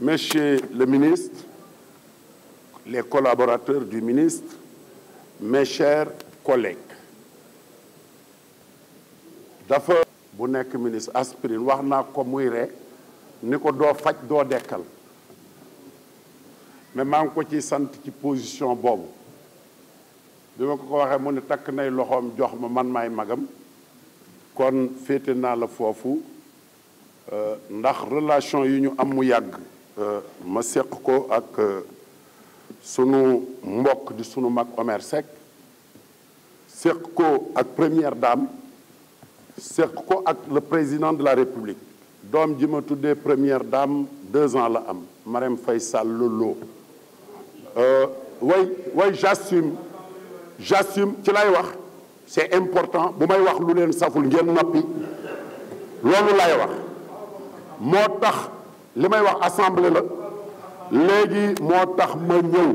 Monsieur le ministre, les collaborateurs du ministre, mes chers collègues dafa bu nekk ministre aspirine wax naa ko muy ree ni ko doo faj doo dekkal mais maa ngi ko ci sant ci position boobu bi ma ko ko waxee mu ne takk nay loxoom jox ma man maay magam kon féete naa la foofu euh, ndax relation yi ñu am mu yàgg Euh, ma seq ko ak euh, sunu mbokk di sunu mag Omer Seck seq ko ak première daam seq ko ak le président de la république doom ji ma tuddee première dame deux ans la am Marème Faye Sall Lô euh, way way j'assume j'assume ci lay wax c'est important bu may wax lu leen saful ngeen noppi loolu lay wax moo tax li may wax assemblée la léegi moo tax ma ñëw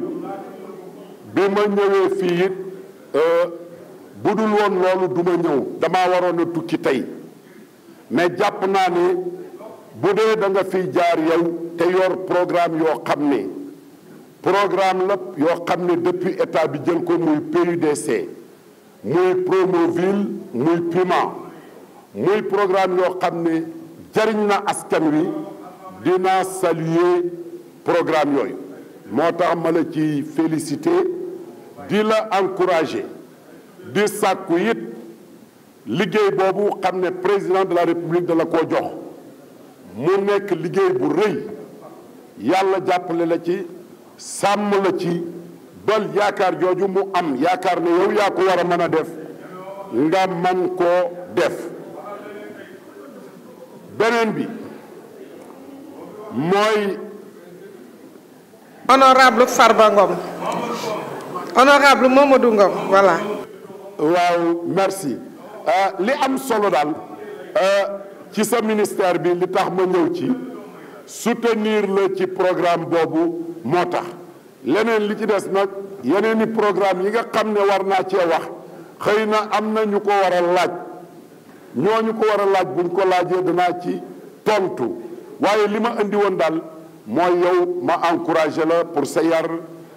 bi ma ñëwee fii it euh, bu dul woon loolu du ma ñëw dama waroon a tukki tey mais jàpp naa ne bu dee da nga fiy jaar yow te yor programme yoo xam ne programme la yoo xam ne depuis état bi jël ko muy PUDC muy Promoville muy Puma muy programme yoo xam ne jariñ na askan wi dinaa saluer programme yooyu moo tax ma la ci féliciter di la encourager di sàkku it liggéey boobu xam ne président de la république de la koo jox mu nekk liggéey bu rëy yàlla jàppale la ci sàmm la ci bal yaakaar jooju mu am yaakaar ne yow yaa ko war a mën a def nga man koo def beneen bi mooy. honorable Farba Ngom. honorable Mamadou Ngom voilà. waaw merci euh, li am solo daal euh, ci sa ministère bi li tax ma ñëw ci soutenir la ci programme boobu moo tax leneen li ci des nag yeneen i programme yi nga xam ne war naa cee wax xëy na am na ñu ko war a laaj ñooñu ko war a laaj buñ ko laajee danaa ci tontu. waaye li ma indi woon daal mooy yow ma encouragé la pour sa yar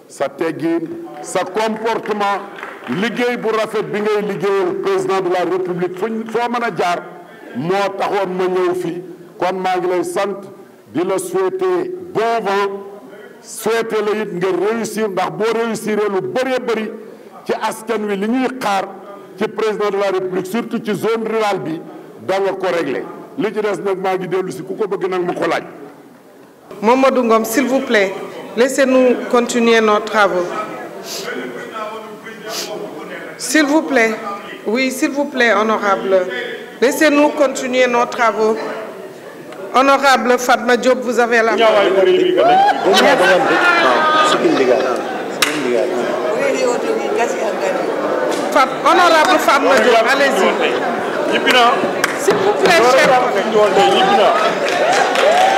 sa teggin sa comportement liggéey bu rafet bi ngay liggéeyal président de la république fuñ foo mën a jaar moo taxoon ma ñëw fii kon maa ngi lay sant di la souhaiter bon vent souhaiter la it nga réussir ndax boo réussir lu bëree bëri ci askan wi li ñuy xaar ci président de la république surtout ci zone rural bi da ko régler li ci des nag maa ngi si ku ko bëgg nag ma ko laaj. Mamadou Ngom s'il vous plaît laissez-nous continuer nos travaux s'il vous plaît oui s'il vous plaît honorable laissez-nous continuer nos travaux honorable Fatma Diop vous avez la parole. Femme honorable Femme Diop allez-y. S'il vous plaît, chef.